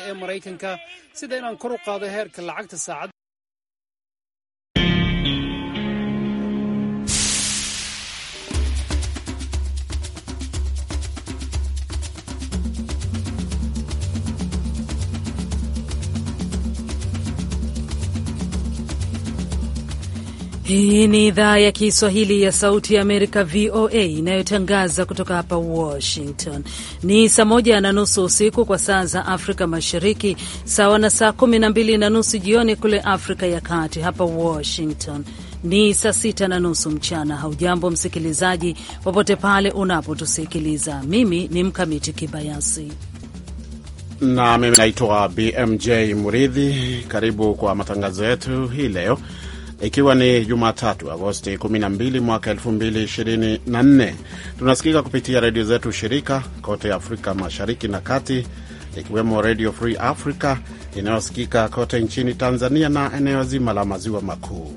ee maraykanka sida inaan kor u qaado heerka lacagta saacad Hii ni idhaa ya Kiswahili ya Sauti ya Amerika, VOA, inayotangaza kutoka hapa Washington. Ni saa moja na nusu usiku kwa saa za Afrika Mashariki, sawa na saa kumi na mbili na nusu jioni kule Afrika ya Kati. Hapa Washington ni saa sita na nusu mchana. Haujambo msikilizaji, popote pale unapotusikiliza. Mimi ni Mkamiti Kibayasi na mimi naitwa BMJ Muridhi. Karibu kwa matangazo yetu hii leo ikiwa ni Jumatatu Agosti 12 mwaka 2024. Tunasikika kupitia redio zetu shirika kote Afrika Mashariki na Kati, ikiwemo Redio Free Africa inayosikika kote nchini Tanzania na eneo zima la maziwa makuu.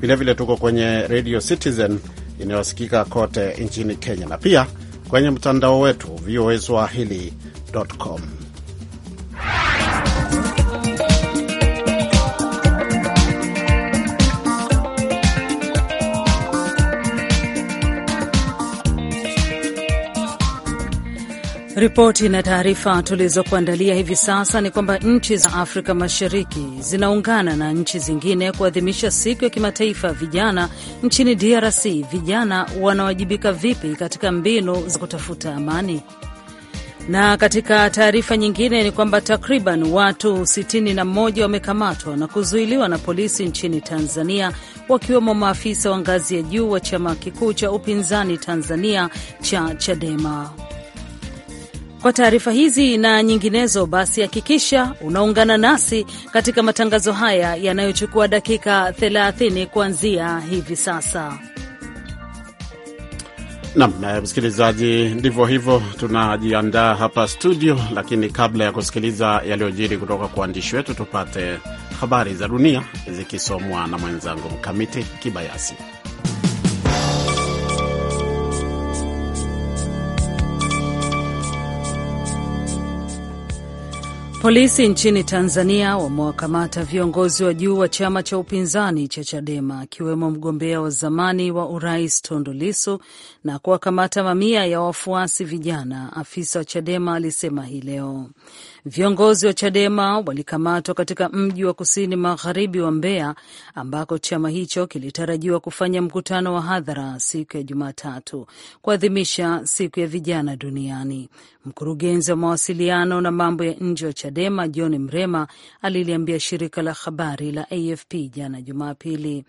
Vilevile tuko kwenye Redio Citizen inayosikika kote nchini Kenya na pia kwenye mtandao wetu voa swahili.com. Ripoti na taarifa tulizokuandalia hivi sasa ni kwamba nchi za Afrika Mashariki zinaungana na nchi zingine kuadhimisha siku ya kimataifa ya vijana. Nchini DRC, vijana wanawajibika vipi katika mbinu za kutafuta amani? Na katika taarifa nyingine ni kwamba takriban watu 61 wamekamatwa na kuzuiliwa na polisi nchini Tanzania, wakiwemo maafisa wa ngazi ya juu wa chama kikuu cha upinzani Tanzania cha Chadema. Kwa taarifa hizi na nyinginezo, basi hakikisha unaungana nasi katika matangazo haya yanayochukua dakika 30 kuanzia hivi sasa. Nam msikilizaji, ndivyo hivyo, tunajiandaa hapa studio, lakini kabla ya kusikiliza yaliyojiri kutoka kwa waandishi wetu, tupate habari za dunia zikisomwa na mwenzangu Mkamiti Kibayasi. Polisi nchini Tanzania wamewakamata viongozi wa juu wa chama cha upinzani cha Chadema akiwemo mgombea wa zamani wa urais Tundu Lissu na kuwakamata mamia ya wafuasi vijana, afisa wa Chadema alisema hii leo. Viongozi wa Chadema walikamatwa katika mji wa kusini magharibi wa Mbeya ambako chama hicho kilitarajiwa kufanya mkutano wa hadhara siku ya Jumatatu kuadhimisha siku ya vijana duniani. Mkurugenzi wa mawasiliano na mambo ya nje wa Chadema John Mrema aliliambia shirika la habari la AFP jana Jumapili,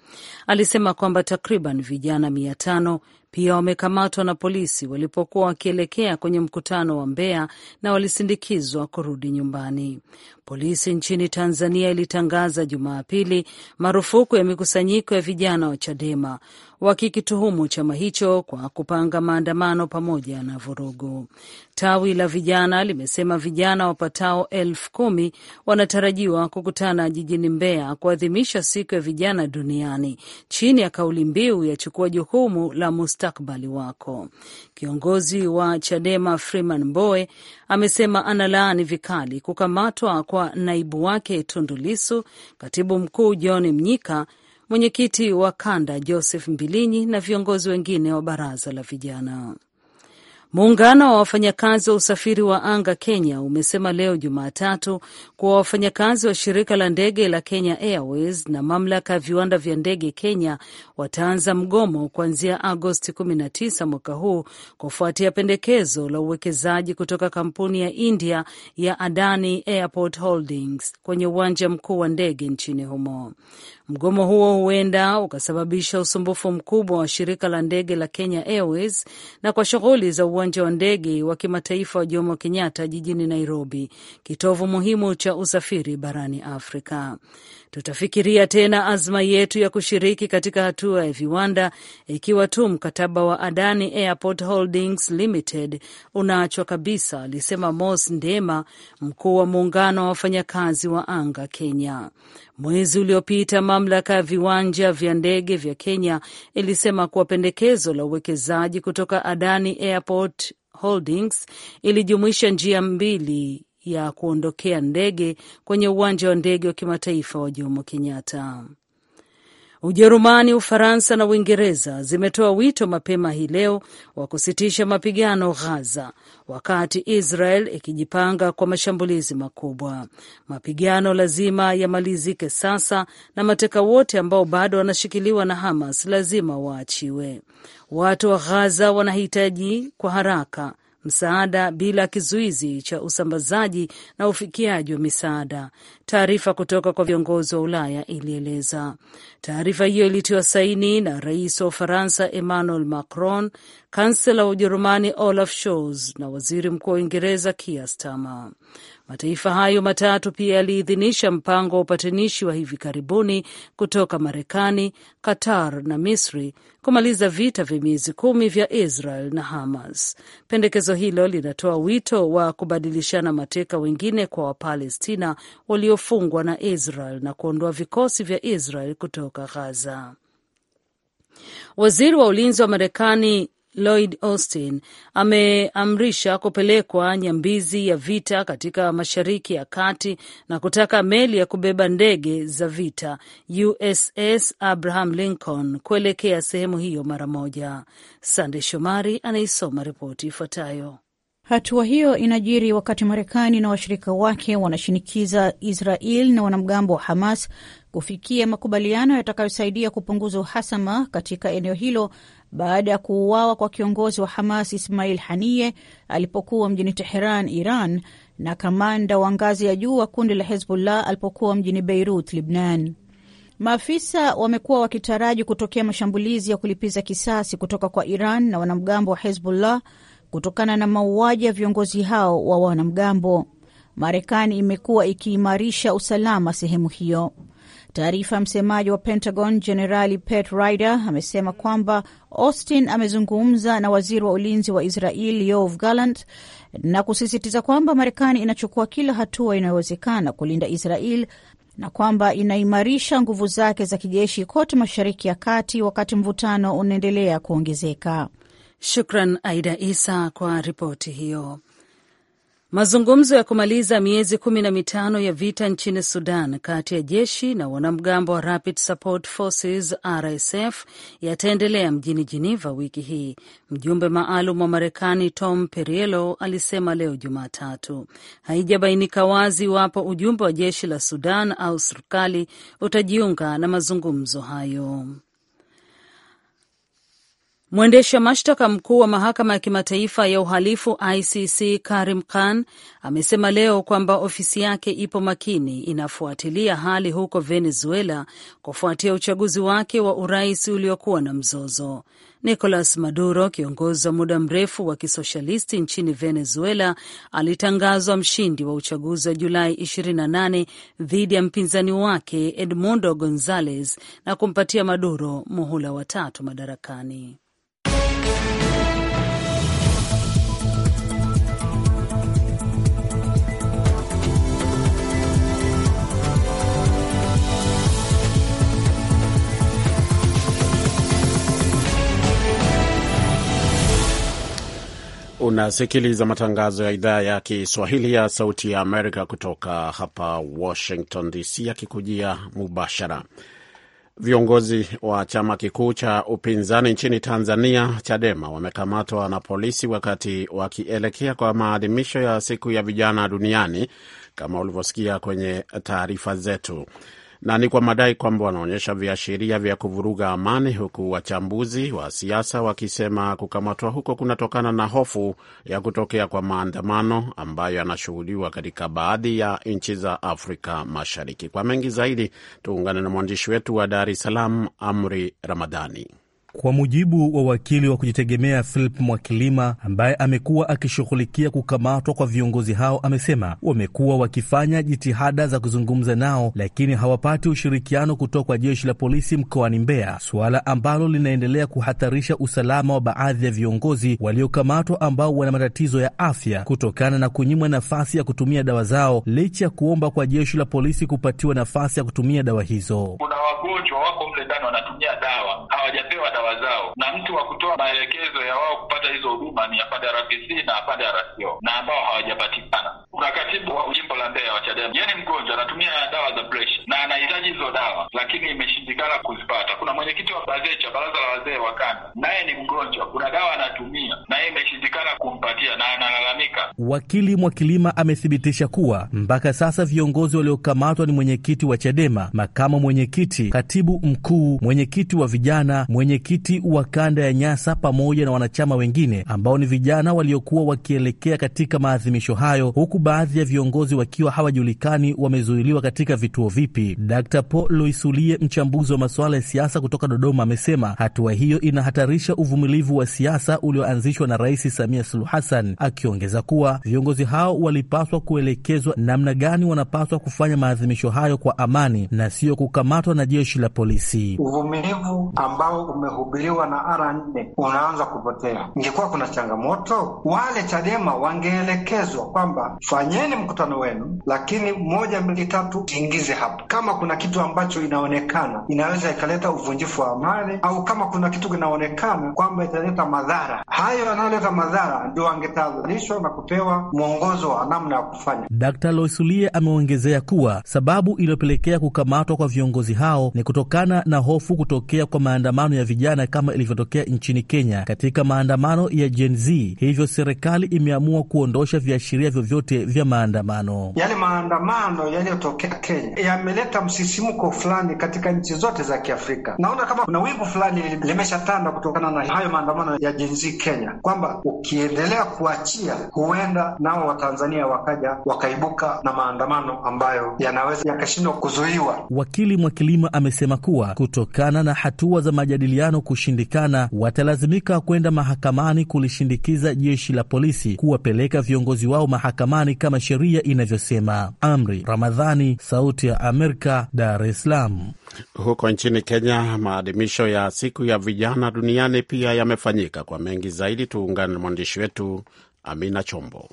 alisema kwamba takriban vijana mia tano pia wamekamatwa na polisi walipokuwa wakielekea kwenye mkutano wa Mbeya na walisindikizwa kurudi nyumbani. Polisi nchini Tanzania ilitangaza Jumapili marufuku ya mikusanyiko ya vijana wa Chadema wakikituhumu chama hicho kwa kupanga maandamano pamoja na vurugu. Tawi la vijana limesema vijana wapatao elfu kumi wanatarajiwa kukutana jijini Mbeya kuadhimisha siku ya vijana duniani chini ya kauli mbiu ya chukua jukumu la mustakbali wako. Kiongozi wa CHADEMA Freeman Mbowe amesema analaani vikali kukamatwa kwa naibu wake Tundu Lissu, katibu mkuu John Mnyika mwenyekiti wa kanda Joseph Mbilinyi na viongozi wengine wa baraza la vijana. Muungano wa wafanyakazi wa usafiri wa anga Kenya umesema leo Jumatatu kuwa wafanyakazi wa shirika la ndege la Kenya Airways na mamlaka ya viwanda vya ndege Kenya wataanza mgomo kuanzia Agosti 19 mwaka huu kufuatia pendekezo la uwekezaji kutoka kampuni ya India ya Adani Airport Holdings kwenye uwanja mkuu wa ndege nchini humo. Mgomo huo huenda ukasababisha usumbufu mkubwa wa shirika la ndege la Kenya Airways na kwa shughuli za uwanja wa ndege wa kimataifa wa Jomo Kenyatta jijini Nairobi, kitovu muhimu cha usafiri barani Afrika tutafikiria tena azma yetu ya kushiriki katika hatua ya viwanda ikiwa tu mkataba wa Adani Airport Holdings Limited unaachwa kabisa, alisema Mos Ndema, mkuu wa muungano wa wafanyakazi wa anga Kenya. Mwezi uliopita mamlaka ya viwanja vya ndege vya Kenya ilisema kuwa pendekezo la uwekezaji kutoka Adani Airport Holdings ilijumuisha njia mbili ya kuondokea ndege kwenye uwanja wa ndege wa kimataifa wa Jomo Kenyatta. Ujerumani, Ufaransa na Uingereza zimetoa wito mapema hii leo wa kusitisha mapigano Ghaza, wakati Israel ikijipanga kwa mashambulizi makubwa. Mapigano lazima yamalizike sasa, na mateka wote ambao bado wanashikiliwa na Hamas lazima waachiwe. Watu wa Ghaza wanahitaji kwa haraka msaada bila kizuizi cha usambazaji na ufikiaji wa misaada, taarifa kutoka kwa viongozi wa Ulaya ilieleza. Taarifa hiyo ilitiwa saini na rais wa Ufaransa Emmanuel Macron, kansela wa Ujerumani Olaf Scholz na waziri mkuu wa Uingereza Keir Starmer. Mataifa hayo matatu pia yaliidhinisha mpango wa upatanishi wa hivi karibuni kutoka Marekani, Qatar na Misri kumaliza vita vya miezi kumi vya Israel na Hamas. Pendekezo hilo linatoa wito wa kubadilishana mateka wengine kwa Wapalestina waliofungwa na Israel na kuondoa vikosi vya Israel kutoka Gaza. Waziri wa ulinzi wa Marekani Lloyd Austin ameamrisha kupelekwa nyambizi ya vita katika Mashariki ya Kati na kutaka meli ya kubeba ndege za vita USS Abraham Lincoln kuelekea sehemu hiyo mara moja. Sande Shomari anaisoma ripoti ifuatayo. Hatua hiyo inajiri wakati Marekani na washirika wake wanashinikiza Israel na wanamgambo wa Hamas kufikia makubaliano yatakayosaidia kupunguza uhasama katika eneo hilo baada ya kuuawa kwa kiongozi wa Hamas Ismail Haniye alipokuwa mjini Teheran, Iran, na kamanda wa ngazi ya juu wa kundi la Hezbollah alipokuwa mjini Beirut, Libnan. Maafisa wamekuwa wakitaraji kutokea mashambulizi ya kulipiza kisasi kutoka kwa Iran na wanamgambo wa Hezbollah kutokana na mauaji ya viongozi hao wa wanamgambo. Marekani imekuwa ikiimarisha usalama sehemu hiyo taarifa. ya Msemaji wa Pentagon Jenerali Pat Ryder amesema kwamba Austin amezungumza na waziri wa ulinzi wa Israel Yoav Gallant na kusisitiza kwamba Marekani inachukua kila hatua inayowezekana kulinda Israel na kwamba inaimarisha nguvu zake za kijeshi kote Mashariki ya Kati wakati mvutano unaendelea kuongezeka. Shukran Aida Isa kwa ripoti hiyo. Mazungumzo ya kumaliza miezi kumi na mitano ya vita nchini Sudan kati ya jeshi na wanamgambo wa Rapid Support Forces RSF yataendelea mjini Geneva wiki hii, mjumbe maalum wa Marekani Tom Perriello alisema leo Jumatatu. Haijabainika wazi iwapo ujumbe wa jeshi la Sudan au serikali utajiunga na mazungumzo hayo. Mwendesha mashtaka mkuu wa mahakama ya kimataifa ya uhalifu ICC Karim Khan amesema leo kwamba ofisi yake ipo makini inafuatilia hali huko Venezuela kufuatia uchaguzi wake wa urais uliokuwa na mzozo. Nicolas Maduro, kiongozi wa muda mrefu wa kisoshalisti nchini Venezuela, alitangazwa mshindi wa uchaguzi wa Julai 28 dhidi ya mpinzani wake Edmundo Gonzalez na kumpatia Maduro muhula watatu madarakani. Unasikiliza matangazo ya idhaa ya Kiswahili ya Sauti ya Amerika kutoka hapa Washington DC, yakikujia mubashara Viongozi wa chama kikuu cha upinzani nchini Tanzania, Chadema, wamekamatwa na polisi wakati wakielekea kwa maadhimisho ya siku ya vijana duniani, kama ulivyosikia kwenye taarifa zetu na ni kwa madai kwamba wanaonyesha viashiria vya kuvuruga amani, huku wachambuzi wa siasa wakisema kukamatwa huko kunatokana na hofu ya kutokea kwa maandamano ambayo yanashuhudiwa katika baadhi ya nchi za Afrika Mashariki. Kwa mengi zaidi, tuungane na mwandishi wetu wa Dar es Salaam, Amri Ramadhani. Kwa mujibu wa wakili wa kujitegemea Philip Mwakilima ambaye amekuwa akishughulikia kukamatwa kwa viongozi hao, amesema wamekuwa wakifanya jitihada za kuzungumza nao, lakini hawapati ushirikiano kutoka kwa jeshi la polisi mkoani Mbeya, suala ambalo linaendelea kuhatarisha usalama wa baadhi ya viongozi waliokamatwa ambao wana matatizo ya afya kutokana na kunyimwa nafasi ya kutumia dawa zao licha ya kuomba kwa jeshi la polisi kupatiwa nafasi ya kutumia dawa hizo. Kuna wagonjwa wako mle ndani wanatumia dawa hawajapewa dawa zao, na mtu wa kutoa maelekezo ya wao kupata hizo huduma ni apande RPC na apande RCO na ambao hawajapatikana. Kuna katibu wa jimbo la Mbeya wa CHADEMA, yeye ni mgonjwa, anatumia dawa za presha na anahitaji hizo dawa, lakini imeshindikana kuzipata. Kuna mwenyekiti wa BAZECHA, baraza la wazee wa kanda, naye ni mgonjwa, kuna dawa anatumia naye imeshindikana kumpatia na analalamika. Wakili Mwakilima amethibitisha kuwa mpaka sasa viongozi waliokamatwa ni mwenyekiti wa CHADEMA, makamo mwenyekiti, katibu mkuu, mwenyekiti wa vijana, mwenyekiti mwenyekiti wa kanda ya Nyasa pamoja na wanachama wengine ambao ni vijana waliokuwa wakielekea katika maadhimisho hayo, huku baadhi ya viongozi wakiwa hawajulikani wamezuiliwa katika vituo vipi. d Paul Loisulie, mchambuzi wa masuala ya siasa kutoka Dodoma, amesema hatua hiyo inahatarisha uvumilivu wa siasa ulioanzishwa na Rais Samia Suluhu Hassan, akiongeza kuwa viongozi hao walipaswa kuelekezwa namna gani wanapaswa kufanya maadhimisho hayo kwa amani na sio kukamatwa na jeshi la polisi. Uvumilivu ambao ume unahubiriwa na ara nne unaanza kupotea. Ingekuwa kuna changamoto, wale Chadema wangeelekezwa kwamba fanyeni mkutano wenu, lakini moja, mbili, tatu ingize hapo. Kama kuna kitu ambacho inaonekana inaweza ikaleta uvunjifu wa amani, au kama kuna kitu kinaonekana kwamba italeta madhara, hayo yanayoleta madhara ndio wangetahadharishwa na kupewa mwongozo wa namna ya kufanya. Dr. Loisulie ameongezea kuwa sababu iliyopelekea kukamatwa kwa viongozi hao ni kutokana na hofu kutokea kwa maandamano ya vijana vijana kama ilivyotokea nchini Kenya katika maandamano ya Gen Z. Hivyo serikali imeamua kuondosha viashiria vyovyote vya maandamano. Yale maandamano yaliyotokea Kenya yameleta msisimko fulani katika nchi zote za Kiafrika. Naona kama kuna wingu fulani limeshatanda kutokana na hayo maandamano ya Gen Z Kenya, kwamba ukiendelea kuachia, huenda nao Watanzania wakaja wakaibuka na maandamano ambayo yanaweza yakashindwa kuzuiwa. Wakili Mwakilima amesema kuwa kutokana na hatua za majadiliano maandamano kushindikana, watalazimika kwenda mahakamani kulishindikiza jeshi la polisi kuwapeleka viongozi wao mahakamani kama sheria inavyosema. Amri Ramadhani, Sauti ya Amerika, Dar es Salaam. Huko nchini Kenya, maadhimisho ya siku ya vijana duniani pia yamefanyika. Kwa mengi zaidi, tuungane na mwandishi wetu Amina Chombo.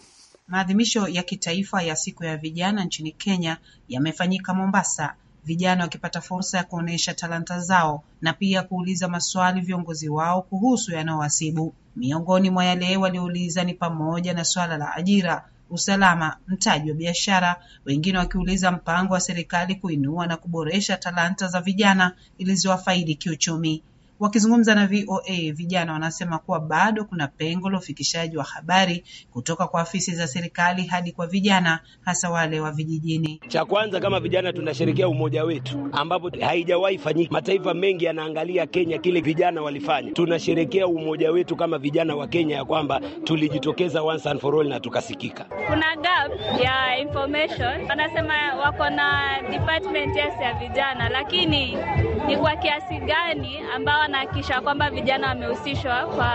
Maadhimisho ya kitaifa ya siku ya vijana nchini Kenya yamefanyika Mombasa vijana wakipata fursa ya kuonesha talanta zao na pia kuuliza maswali viongozi wao kuhusu yanayowasibu. Miongoni mwa yale waliouliza ni pamoja na swala la ajira, usalama, mtaji wa biashara, wengine wakiuliza mpango wa serikali kuinua na kuboresha talanta za vijana ilizowafaidi kiuchumi. Wakizungumza na VOA, vijana wanasema kuwa bado kuna pengo la ufikishaji wa habari kutoka kwa afisi za serikali hadi kwa vijana, hasa wale wa vijijini. Cha kwanza, kama vijana tunasherekea umoja wetu, ambapo haijawahi fanyika. Mataifa mengi yanaangalia Kenya, kile vijana walifanya. Tunasherekea umoja wetu kama vijana wa Kenya, ya kwamba tulijitokeza once and for all na tukasikika. Kuna gap ya information, wanasema wako na department yes ya vijana, lakini ni kwa kiasi gani ambao kisha kwamba vijana wamehusishwa kwa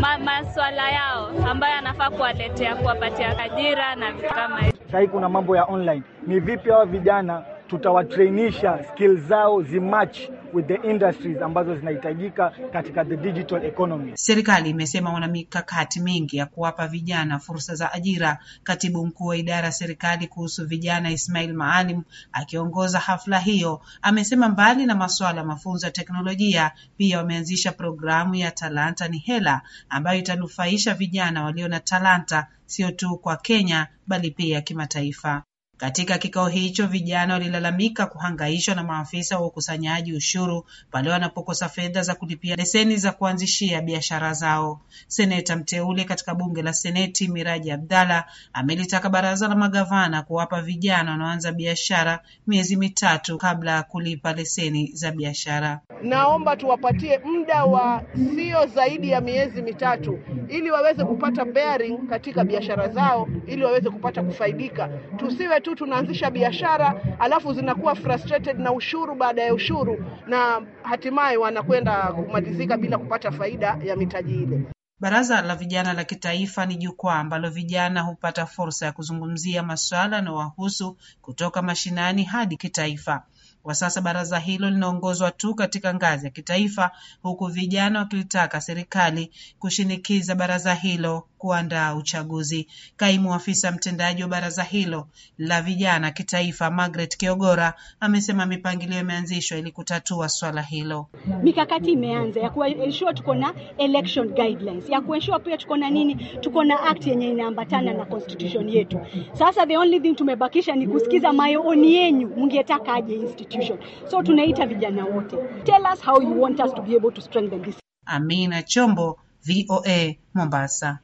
ma, maswala yao ambayo anafaa kuwaletea, kuwapatia ajira na vitu kama hivyo. Sahii kuna mambo ya online, ni vipi hawa vijana tutawatrainisha skills zao zimatch with the industries ambazo zinahitajika katika the digital economy. Serikali imesema wana mikakati mingi ya kuwapa vijana fursa za ajira. Katibu mkuu wa idara ya serikali kuhusu vijana Ismail Maalim akiongoza hafla hiyo amesema mbali na masuala ya mafunzo ya teknolojia, pia wameanzisha programu ya Talanta ni Hela ambayo itanufaisha vijana walio na talanta sio tu kwa Kenya bali pia kimataifa. Katika kikao hicho vijana walilalamika kuhangaishwa na maafisa wa ukusanyaji ushuru pale wanapokosa fedha za kulipia leseni za kuanzishia biashara zao. Seneta mteule katika bunge la Seneti Miraji Abdalla amelitaka baraza la magavana kuwapa vijana wanaoanza biashara miezi mitatu kabla ya kulipa leseni za biashara. Naomba tuwapatie muda wa sio zaidi ya miezi mitatu ili waweze kupata bearing katika biashara zao, ili waweze kupata kufaidika. Tusiwe tu tunaanzisha biashara alafu zinakuwa frustrated na ushuru baada ya ushuru, na hatimaye wanakwenda kumalizika bila kupata faida ya mitaji ile. Baraza la Vijana la Kitaifa ni jukwaa ambalo vijana hupata fursa ya kuzungumzia masuala yanayowahusu kutoka mashinani hadi kitaifa. Kwa sasa baraza hilo linaongozwa tu katika ngazi ya kitaifa huku vijana wakilitaka serikali kushinikiza baraza hilo kuandaa uchaguzi. Kaimu afisa mtendaji wa baraza hilo la vijana kitaifa, Margaret Kiogora, amesema mipangilio imeanzishwa ili kutatua swala hilo. Mikakati imeanza ya kuensure tuko na election guidelines, ya kuensure pia tuko na nini, tuko na act yenye inaambatana na constitution yetu. Sasa the only thing tumebakisha ni kusikiza maoni yenyu, mngetaka aje institution institution. So tunaita vijana wote. Tell us how you want us to be able to strengthen this. Amina Chombo, VOA, Mombasa.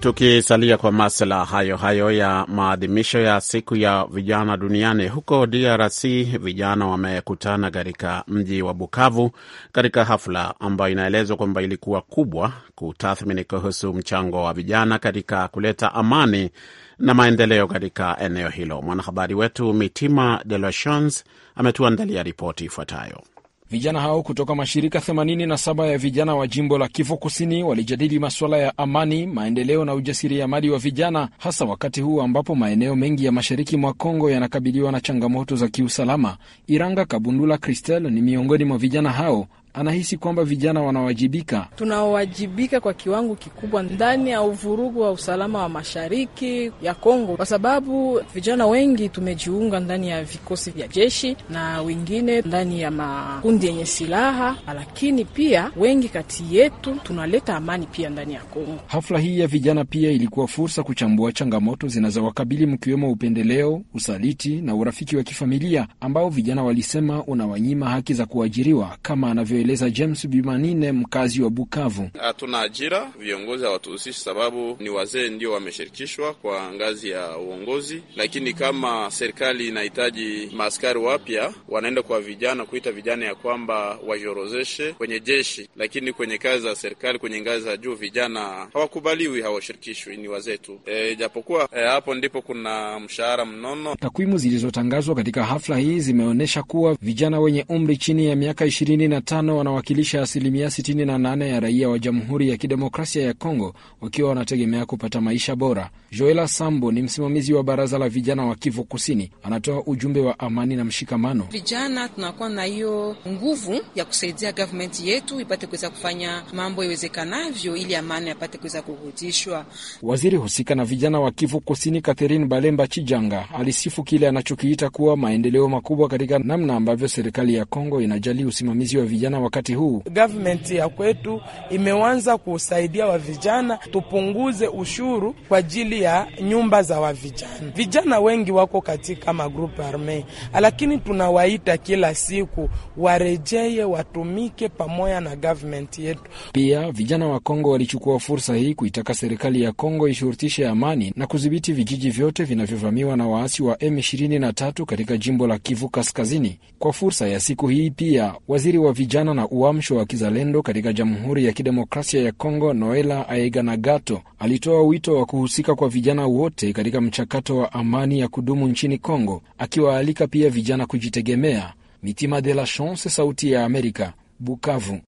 Tukisalia kwa masuala hayo hayo ya maadhimisho ya siku ya vijana duniani, huko DRC vijana wamekutana katika mji wa Bukavu katika hafla ambayo inaelezwa kwamba ilikuwa kubwa kutathmini kuhusu mchango wa vijana katika kuleta amani na maendeleo katika eneo hilo. Mwanahabari wetu Mitima De Lachans ametuandalia ripoti ifuatayo. Vijana hao kutoka mashirika 87 ya vijana wa jimbo la Kivu Kusini walijadili masuala ya amani, maendeleo na ujasiriamali wa vijana, hasa wakati huu ambapo maeneo mengi ya mashariki mwa Kongo yanakabiliwa na changamoto za kiusalama. Iranga Kabundula cristel ni miongoni mwa vijana hao anahisi kwamba vijana wanawajibika. Tunawajibika kwa kiwango kikubwa ndani ya uvurugu wa usalama wa mashariki ya Kongo, kwa sababu vijana wengi tumejiunga ndani ya vikosi vya jeshi na wengine ndani ya makundi yenye silaha, lakini pia wengi kati yetu tunaleta amani pia ndani ya Kongo. Hafla hii ya vijana pia ilikuwa fursa kuchambua changamoto zinazowakabili mkiwemo upendeleo, usaliti na urafiki wa kifamilia ambao vijana walisema unawanyima haki za kuajiriwa kama anavyo anavyoeleza James Bimanine, mkazi wa Bukavu. Hatuna ajira, viongozi hawatuhusishi sababu ni wazee ndio wameshirikishwa kwa ngazi ya uongozi, lakini kama serikali inahitaji maaskari wapya, wanaenda kwa vijana kuita vijana ya kwamba wajiorozeshe kwenye jeshi, lakini kwenye kazi za serikali, kwenye ngazi za juu, vijana hawakubaliwi, hawashirikishwi, ni wazee tu e, japokuwa e, hapo ndipo kuna mshahara mnono. Takwimu zilizotangazwa katika hafla hii zimeonyesha kuwa vijana wenye umri chini ya miaka ishirini na tano watano wanawakilisha asilimia 68 ya raia wa Jamhuri ya Kidemokrasia ya Kongo wakiwa wanategemea kupata maisha bora. Joela Sambo ni msimamizi wa baraza la vijana wa Kivu Kusini, anatoa ujumbe wa amani na mshikamano. Vijana tunakuwa na hiyo nguvu ya kusaidia gavumenti yetu ipate kuweza kufanya mambo iwezekanavyo, ili amani apate kuweza kurudishwa. Waziri husika na vijana wa Kivu Kusini Catherine Balemba Chijanga alisifu kile anachokiita kuwa maendeleo makubwa katika namna ambavyo serikali ya Kongo inajali usimamizi wa vijana vijana wakati huu. Gavmenti ya kwetu imeanza kusaidia wa vijana, tupunguze ushuru kwa ajili ya nyumba za wa vijana. Vijana wengi wako katika magrupu arme, lakini tunawaita kila siku warejeye watumike pamoja na gavmenti yetu. Pia vijana wa Kongo walichukua fursa hii kuitaka serikali ya Kongo ishurutishe amani na kudhibiti vijiji vyote vinavyovamiwa na waasi wa M23 katika jimbo la Kivu Kaskazini. Kwa fursa ya siku hii pia waziri wa vijana kuhusiana na uamsho wa kizalendo katika Jamhuri ya Kidemokrasia ya Kongo, Noela Aiganagato alitoa wito wa kuhusika kwa vijana wote katika mchakato wa amani ya kudumu nchini Kongo, akiwaalika pia vijana kujitegemea. Mitima de la Chance, Sauti ya Amerika, Bukavu.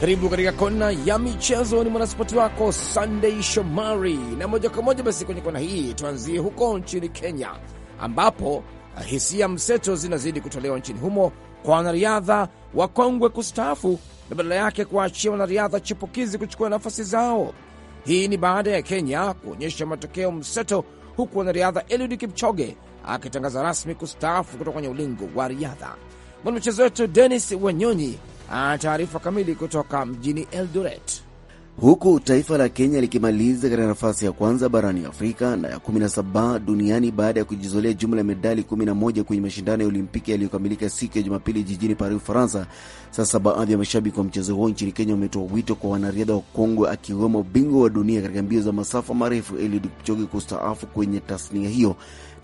Karibu katika kona ya michezo, ni mwanaspoti wako Sunday Shomari, na moja kwa moja basi kwenye kona hii tuanzie huko nchini Kenya, ambapo eh, hisia mseto zinazidi kutolewa nchini humo kwa wanariadha wakongwe kustaafu na badala yake kuwaachia wanariadha chipukizi kuchukua nafasi zao. Hii ni baada ya Kenya kuonyesha matokeo mseto, huku wanariadha Eliud Kipchoge akitangaza rasmi kustaafu kutoka kwenye ulingo wa riadha. mwanamchezo wetu Denis Wanyonyi Ah, taarifa kamili kutoka mjini Eldoret. Huku taifa la Kenya likimaliza katika nafasi ya kwanza barani Afrika na ya 17 duniani baada ya kujizolea jumla ya medali 11 kwenye mashindano ya Olimpiki yaliyokamilika siku ya Jumapili jijini Paris, Ufaransa. Sasa baadhi ya mashabiki wa mchezo huo nchini Kenya wametoa wito kwa wanariadha wa kongwe, akiwemo bingwa wa dunia katika mbio za masafa marefu Eliud Kipchoge kustaafu kwenye tasnia hiyo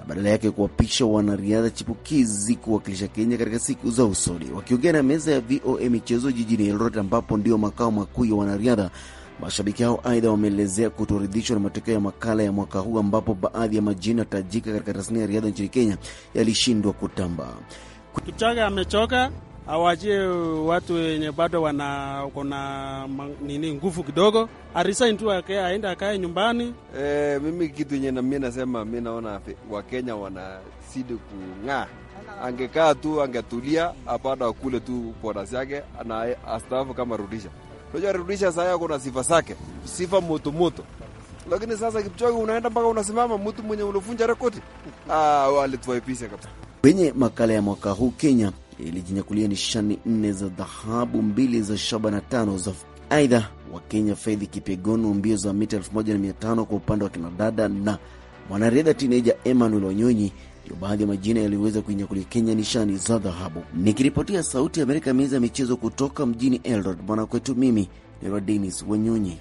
na badala yake kuwapisha wanariadha chipukizi kuwakilisha Kenya katika siku za usoni. Wakiongea na meza ya VOA michezo jijini Eldoret, ambapo ndio makao makuu ya wanariadha mashabiki hao aidha wameelezea kutoridhishwa na matokeo ya makala ya mwaka huu ambapo baadhi ya majina tajika katika tasnia ya riadha nchini Kenya yalishindwa kutamba. Kipchoge amechoka, awajie watu wenye bado wana kuna nini nguvu kidogo, arisain tu aende akae nyumbani. E, mimi kitu yenye nami nasema mi naona Wakenya wanazidi kung'aa. Angekaa tu angetulia, apada akule tu bonasi yake na astaafu kama Rudisha. Unajua Rudisha saa yako na sifa zake, sifa moto moto lakini sasa Kipchoge unaenda mpaka unasimama mtu mwenye ulivunja rekodi. Ah, wale tuwaipisha kabisa. Kwenye makala ya mwaka huu Kenya ilijinyakulia nishani nne za dhahabu, mbili za shaba na tano za Aidha, Wakenya Faith Kipyegon mbio za mita 1500 kwa upande wa kinadada na mwanariadha tineja Emmanuel Wanyonyi ndio baadhi ya majina yaliyoweza kuinyakulia Kenya nishani za dhahabu. Nikiripotia Sauti ya Amerika, meza ya michezo kutoka mjini Eldoret, mwanakwetu, mimi ni Denis Wanyonyi.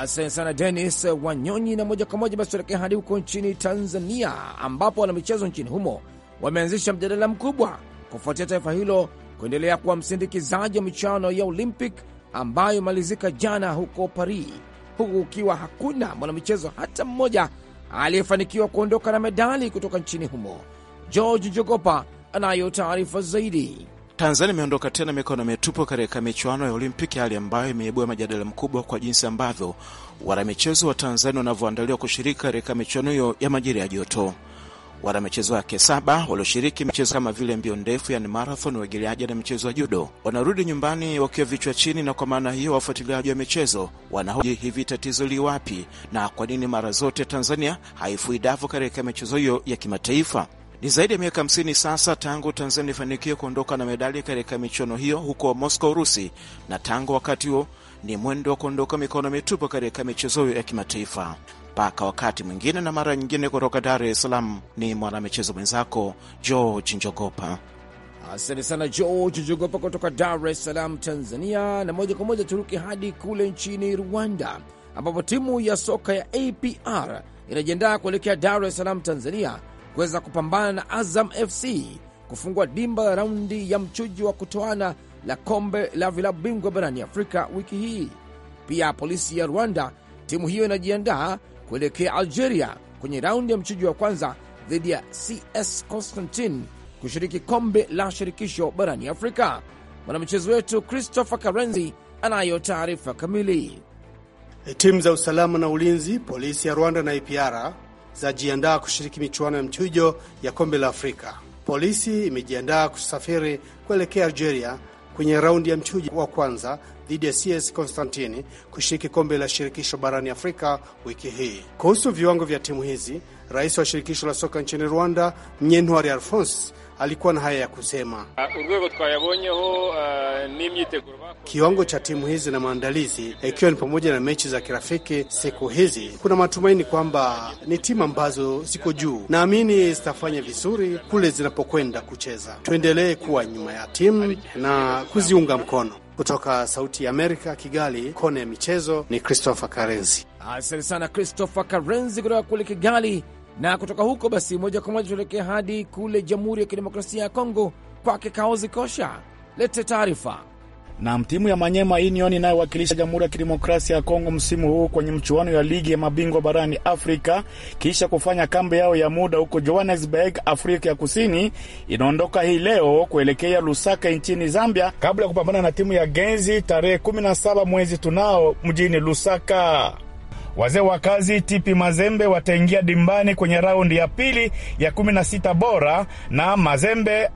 Asante sana Denis Wanyonyi. Na moja kwa moja basi tuelekea hadi huko nchini Tanzania, ambapo wanamichezo nchini humo wameanzisha mjadala mkubwa kufuatia taifa hilo kuendelea kuwa msindikizaji wa michuano ya Olympic ambayo imalizika jana huko Paris, huku ukiwa hakuna mwanamichezo hata mmoja aliyefanikiwa kuondoka na medali kutoka nchini humo. George Njogopa anayo taarifa zaidi. Tanzania imeondoka tena mikono mitupu katika michuano ya Olimpiki, hali ambayo imeibua majadala mkubwa kwa jinsi ambavyo wanamichezo wa Tanzania wanavyoandaliwa kushiriki katika michuano hiyo ya majira ya joto wana michezo wake saba walioshiriki michezo kama vile mbio ndefu, yani marathon, uogeleaji na mchezo ya judo wanarudi nyumbani wakiwa vichwa chini, na kwa maana hiyo wafuatiliaji wa michezo wanahoji hivi tatizo li wapi na kwa nini mara zote Tanzania haifui dafu katika michezo hiyo ya kimataifa. Ni zaidi ya miaka 50 sasa tangu Tanzania ifanikiwe kuondoka na medali katika michuano hiyo huko Moscow, Urusi, na tangu wakati huo ni mwendo wa kuondoka mikono mitupu katika michezo hiyo ya kimataifa. Mpaka wakati mwingine na mara nyingine, kutoka Dar es Salaam ni mwanamichezo mwenzako George Njogopa. Asante sana George Njogopa kutoka Dar es Salaam, Tanzania. Na moja kwa moja turuki hadi kule nchini Rwanda, ambapo timu ya soka ya APR inajiandaa kuelekea Dar es Salaam, Tanzania, kuweza kupambana na Azam FC kufungua dimba la raundi ya mchujo wa kutoana la kombe la vilabu bingwa barani Afrika wiki hii. Pia polisi ya Rwanda, timu hiyo inajiandaa kuelekea Algeria kwenye raundi ya mchujo wa kwanza dhidi ya CS Constantine kushiriki kombe la shirikisho barani Afrika. Mwanamchezo wetu Christopher Karenzi anayo taarifa kamili. Timu za usalama na ulinzi, polisi ya Rwanda na IPR zajiandaa kushiriki michuano ya mchujo ya kombe la Afrika. Polisi imejiandaa kusafiri kuelekea Algeria kwenye raundi ya mchujo wa kwanza dhidi ya CS Constantine kushiriki kombe la shirikisho barani Afrika wiki hii. Kuhusu viwango vya timu hizi, rais wa shirikisho la soka nchini Rwanda Mnyenwari Alphonse alikuwa na haya ya kusema. Ah, ah, Kiwango cha timu hizi na maandalizi, ikiwa ni pamoja na mechi za kirafiki siku hizi, kuna matumaini kwamba ni timu ambazo ziko juu, naamini zitafanya vizuri kule zinapokwenda kucheza. Tuendelee kuwa nyuma ya timu na kuziunga mkono. Kutoka Sauti ya Amerika, Kigali, kona ya michezo, ni Christopher Karenzi. Asante sana Christopher Karenzi kutoka kule Kigali. Na kutoka huko basi, moja kwa moja tuelekea hadi kule Jamhuri ya Kidemokrasia ya Kongo, kwake Kaozi Kosha, lete taarifa nam timu ya Manyema Union inayowakilisha Jamhuri ya Kidemokrasia ya Kongo msimu huu kwenye mchuano ya ligi ya mabingwa barani Afrika kisha kufanya kambi yao ya muda huko Johannesburg, Afrika ya Kusini, inaondoka hii leo kuelekea Lusaka nchini Zambia kabla ya kupambana na timu ya Genzi tarehe 17 mwezi tunao mjini Lusaka. Wazee wa kazi Tipi Mazembe wataingia dimbani kwenye raundi ya pili ya 16 bora na Mazembe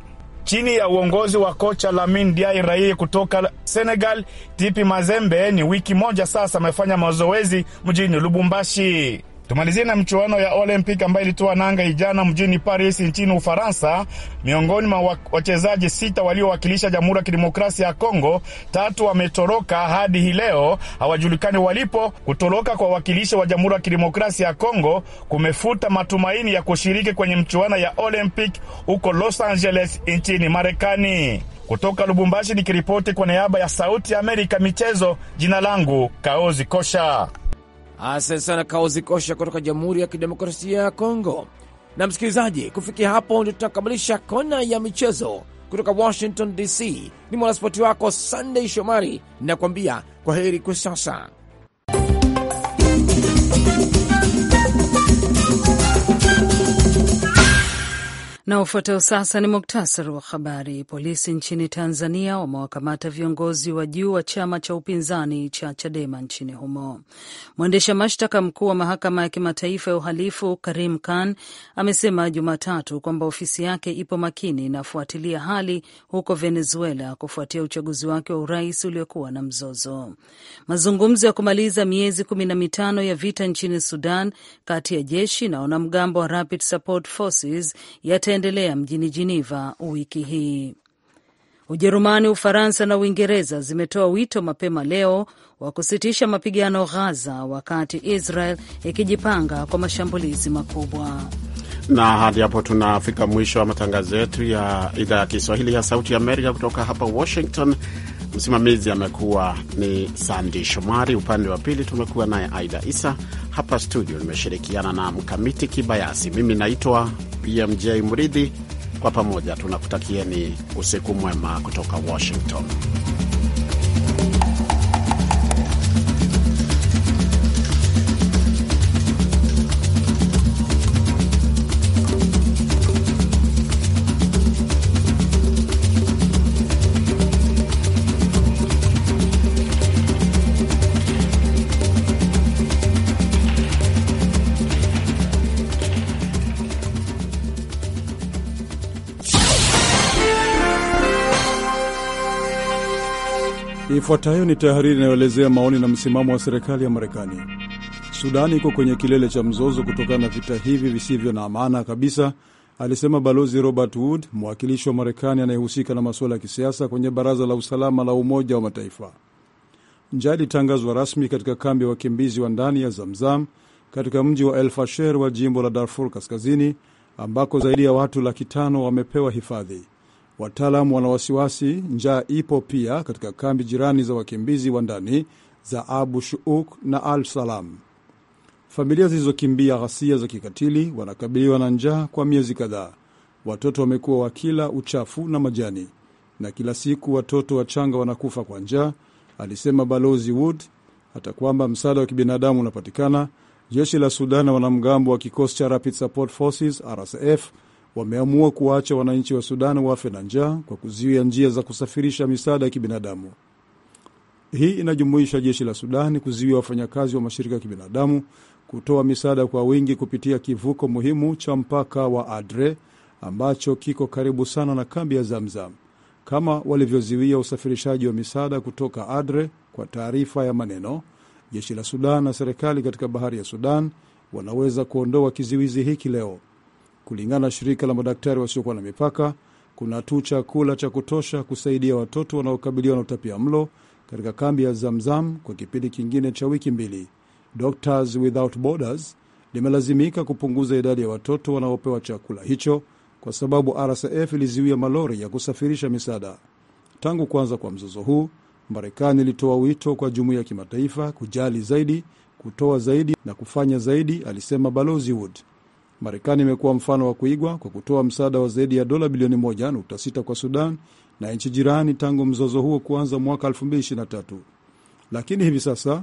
chini ya uongozi wa kocha Lamin Diai Rai kutoka Senegal. Tipi Mazembe ni wiki moja sasa amefanya mazoezi mjini Lubumbashi. Tumalizie na michuano ya Olympic ambayo ilitoa nanga hijana mjini Paris nchini Ufaransa. Miongoni mwa wachezaji sita waliowakilisha Jamhuri ya Kidemokrasia ya Kongo, tatu wametoroka hadi hii leo, hawajulikani walipo. Kutoroka kwa wakilishi wa Jamhuri ya Kidemokrasia ya Kongo kumefuta matumaini ya kushiriki kwenye michuano ya Olympic huko Los Angeles nchini Marekani. Kutoka Lubumbashi nikiripoti kwa niaba ya Sauti ya Amerika michezo, jina langu Kaozi Kosha. Asante sana Kaozi Kosha kutoka Jamhuri ya Kidemokrasia ya Kongo. Na msikilizaji, kufikia hapo ndio tutakamilisha kona ya michezo kutoka Washington DC. Ni mwanaspoti wako Sunday Shomari, ninakwambia kwa heri kwa sasa. Na ufuatao sasa ni muktasari wa habari. Polisi nchini Tanzania wamewakamata viongozi wa juu wa chama cha upinzani cha Chadema nchini humo. Mwendesha mashtaka mkuu wa mahakama ya kimataifa ya uhalifu Karim Khan amesema Jumatatu kwamba ofisi yake ipo makini inafuatilia hali huko Venezuela kufuatia uchaguzi wake wa urais uliokuwa na mzozo. Mazungumzo ya kumaliza miezi kumi na mitano ya vita nchini Sudan kati ya jeshi na wanamgambo wa Rapid Support Forces yata zitaendelea mjini Geneva wiki hii. Ujerumani, Ufaransa na Uingereza zimetoa wito mapema leo wa kusitisha mapigano Ghaza, wakati Israel ikijipanga kwa mashambulizi makubwa. Na hadi hapo tunafika mwisho wa matangazo yetu ya idhaa ya Kiswahili ya Sauti ya Amerika kutoka hapa Washington. Msimamizi amekuwa ni Sandi Shomari, upande wa pili tumekuwa naye Aida Isa. Hapa studio nimeshirikiana na Mkamiti Kibayasi. Mimi naitwa BMJ Mridhi. Kwa pamoja tunakutakieni usiku mwema kutoka Washington. Ifuatayo ni tahariri inayoelezea maoni na msimamo wa serikali ya Marekani. Sudani iko kwenye kilele cha mzozo kutokana na vita hivi visivyo na maana kabisa, alisema Balozi Robert Wood, mwakilishi wa Marekani anayehusika na masuala ya kisiasa kwenye Baraza la Usalama la Umoja wa Mataifa. Njaa ilitangazwa rasmi katika kambi ya wakimbizi wa ndani ya Zamzam katika mji wa El Fasher wa jimbo la Darfur Kaskazini, ambako zaidi ya watu laki tano wamepewa hifadhi. Wataalam wana wasiwasi njaa ipo pia katika kambi jirani za wakimbizi wa ndani za Abu Shuuk na Al Salam. Familia zilizokimbia ghasia za kikatili wanakabiliwa na njaa kwa miezi kadhaa. Watoto wamekuwa wakila uchafu na majani, na kila siku watoto wachanga wanakufa kwa njaa, alisema Balozi Wood. Hata kwamba msaada wa kibinadamu unapatikana, jeshi la Sudan na wanamgambo wa kikosi cha Rapid Support Forces RSF wameamua kuwaacha wananchi wa Sudan wafe na njaa kwa kuzuia njia za kusafirisha misaada ya kibinadamu. Hii inajumuisha jeshi la Sudani kuzuia wafanyakazi wa mashirika ya kibinadamu kutoa misaada kwa wingi kupitia kivuko muhimu cha mpaka wa Adre ambacho kiko karibu sana na kambi ya Zamzam, kama walivyozuia usafirishaji wa misaada kutoka Adre. Kwa taarifa ya maneno, jeshi la Sudan na serikali katika bahari ya Sudan wanaweza kuondoa kizuizi hiki leo. Kulingana na shirika la madaktari wasiokuwa na mipaka, kuna tu chakula cha kutosha kusaidia watoto wanaokabiliwa na utapia mlo katika kambi ya Zamzam kwa kipindi kingine cha wiki mbili. Doctors Without Borders limelazimika kupunguza idadi ya watoto wanaopewa chakula hicho kwa sababu RSF ilizuia malori ya kusafirisha misaada. Tangu kuanza kwa mzozo huu, Marekani ilitoa wito kwa jumuiya ya kimataifa kujali zaidi, kutoa zaidi na kufanya zaidi, alisema Balozi Wood. Marekani imekuwa mfano wa kuigwa kwa kutoa msaada wa zaidi ya dola bilioni 1.6 kwa Sudan na nchi jirani tangu mzozo huo kuanza mwaka 2023. Lakini hivi sasa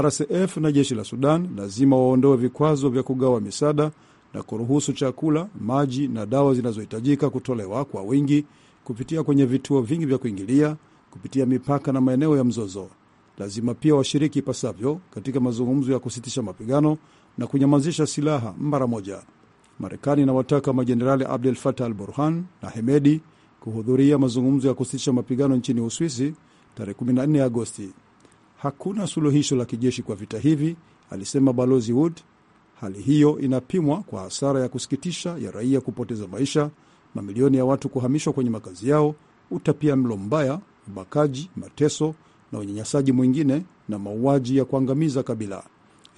RSF na jeshi la Sudan lazima waondoe vikwazo vya kugawa misaada na kuruhusu chakula, maji na dawa zinazohitajika kutolewa kwa wingi kupitia kwenye vituo vingi vya kuingilia kupitia mipaka na maeneo ya mzozo. Lazima pia washiriki ipasavyo katika mazungumzo ya kusitisha mapigano na kunyamazisha silaha mara moja. Marekani inawataka majenerali Abdel Fattah al Burhan na Hemedi kuhudhuria mazungumzo ya kusitisha mapigano nchini Uswisi tarehe 14 Agosti. Hakuna suluhisho la kijeshi kwa vita hivi, alisema balozi Wood. Hali hiyo inapimwa kwa hasara ya kusikitisha ya raia kupoteza maisha, mamilioni ya watu kuhamishwa kwenye makazi yao, utapia mlo mbaya, ubakaji, mateso na unyanyasaji mwingine, na mauaji ya kuangamiza kabila.